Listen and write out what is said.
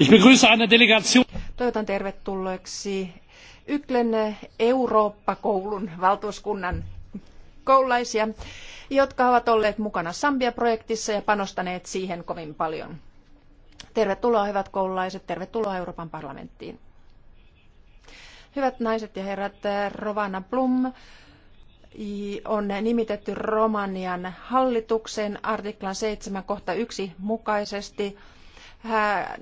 Ich begrüße eine Delegation. Toivotan tervetulleeksi Yklen Eurooppa-koulun valtuuskunnan koululaisia, jotka ovat olleet mukana Sambia-projektissa ja panostaneet siihen kovin paljon. Tervetuloa hyvät koululaiset, tervetuloa Euroopan parlamenttiin. Hyvät naiset ja herrat, Rovana Plum on nimitetty Romanian hallituksen artiklan 7 kohta 1 mukaisesti. Hän